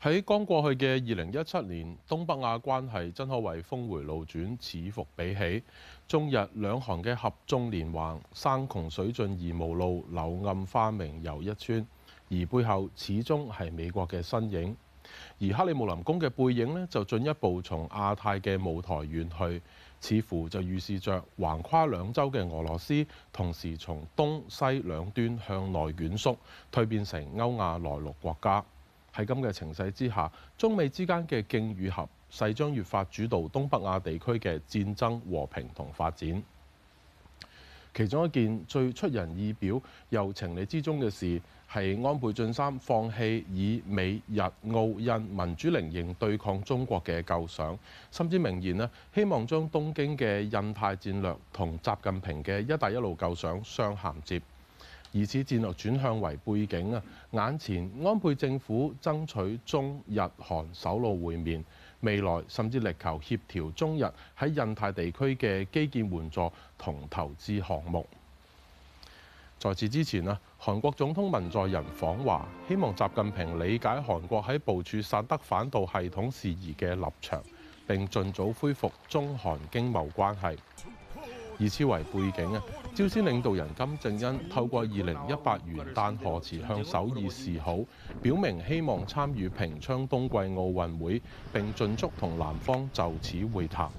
喺剛過去嘅二零一七年，東北亞關係真可謂峰迴路轉，此伏彼起。中日兩韓嘅合縱連橫，山窮水盡而無路，柳暗花明又一村。而背後始終係美國嘅身影。而克里姆林宮嘅背影呢，就進一步從亞太嘅舞台遠去，似乎就預示着橫跨兩洲嘅俄羅斯，同時從東西兩端向內卷縮，蛻變成歐亞內陸國家。喺咁嘅情勢之下，中美之間嘅競與合勢將越發主導東北亞地區嘅戰爭和平同發展。其中一件最出人意表又情理之中嘅事，係安倍晉三放棄以美日澳印民主菱形對抗中國嘅構想，甚至明言咧希望將東京嘅印太戰略同習近平嘅「一帶一路」構想相銜接。以此戰略轉向為背景啊，眼前安倍政府爭取中日韓首腦會面，未來甚至力求協調中日喺印太地區嘅基建援助同投資項目。在此之前啊，韓國總統文在寅訪華，希望習近平理解韓國喺部署薩德反導系統事宜嘅立場，並盡早恢復中韓經貿關係。以此為背景啊，朝鮮領導人金正恩透過二零一八元旦賀詞向首爾示好，表明希望參與平昌冬季奧運會並盡速同南方就此會談。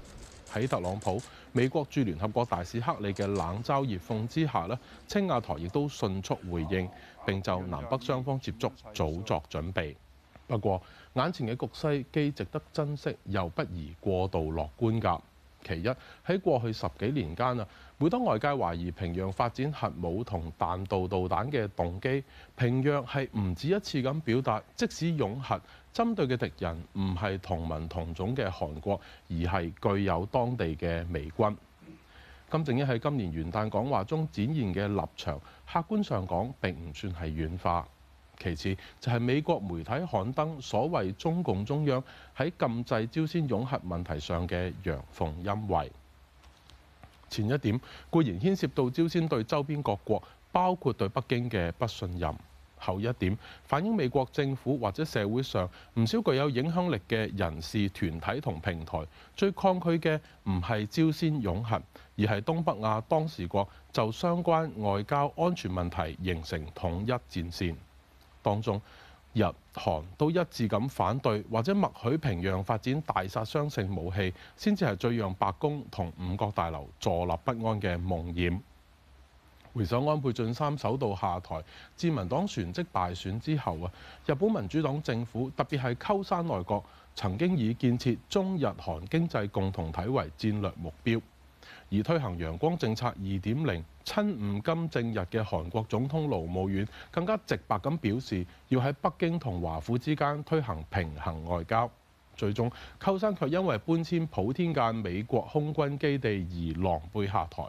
喺特朗普美國駐聯合國大使克里嘅冷嘲熱諷之下咧，青瓦台亦都迅速回應並就南北雙方接觸早作準備。不過眼前嘅局勢既值得珍惜，又不宜過度樂觀㗎。其一，喺過去十幾年間啊，每當外界懷疑平壤發展核武同彈道導彈嘅動機，平壤係唔止一次咁表達，即使擁核，針對嘅敵人唔係同文同種嘅韓國，而係具有當地嘅美軍。金正恩喺今年元旦講話中展現嘅立場，客觀上講並唔算係軟化。其次就係美國媒體刊登所謂中共中央喺禁制朝鮮擁核問題上嘅陽奉陰違。前一點固然牽涉到朝鮮對周邊各國，包括對北京嘅不信任；後一點反映美國政府或者社會上唔少具有影響力嘅人士團體同平台最抗拒嘅唔係朝鮮擁核，而係東北亞當事國就相關外交安全問題形成統一戰線。當中，日韓都一致咁反對，或者默許平壤發展大殺傷性武器，先至係最讓白宮同五角大樓坐立不安嘅夢魘。回首安倍晉三首度下台、自民黨旋即敗選之後啊，日本民主黨政府特別係鳩山內閣曾經以建設中日韓經濟共同體為戰略目標。而推行陽光政策2.0親五金正日嘅韓國總統盧武鉉更加直白咁表示，要喺北京同華府之間推行平衡外交。最終，鳩山卻因為搬遷普天間美國空軍基地而狼狽下台。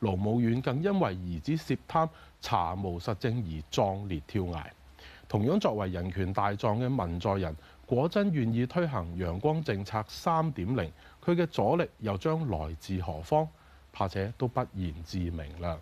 盧武鉉更因為兒子涉貪查無實證而壯烈跳崖。同樣作為人權大狀嘅文在寅，果真願意推行陽光政策3.0。佢嘅阻力又將來自何方？怕且都不言自明啦。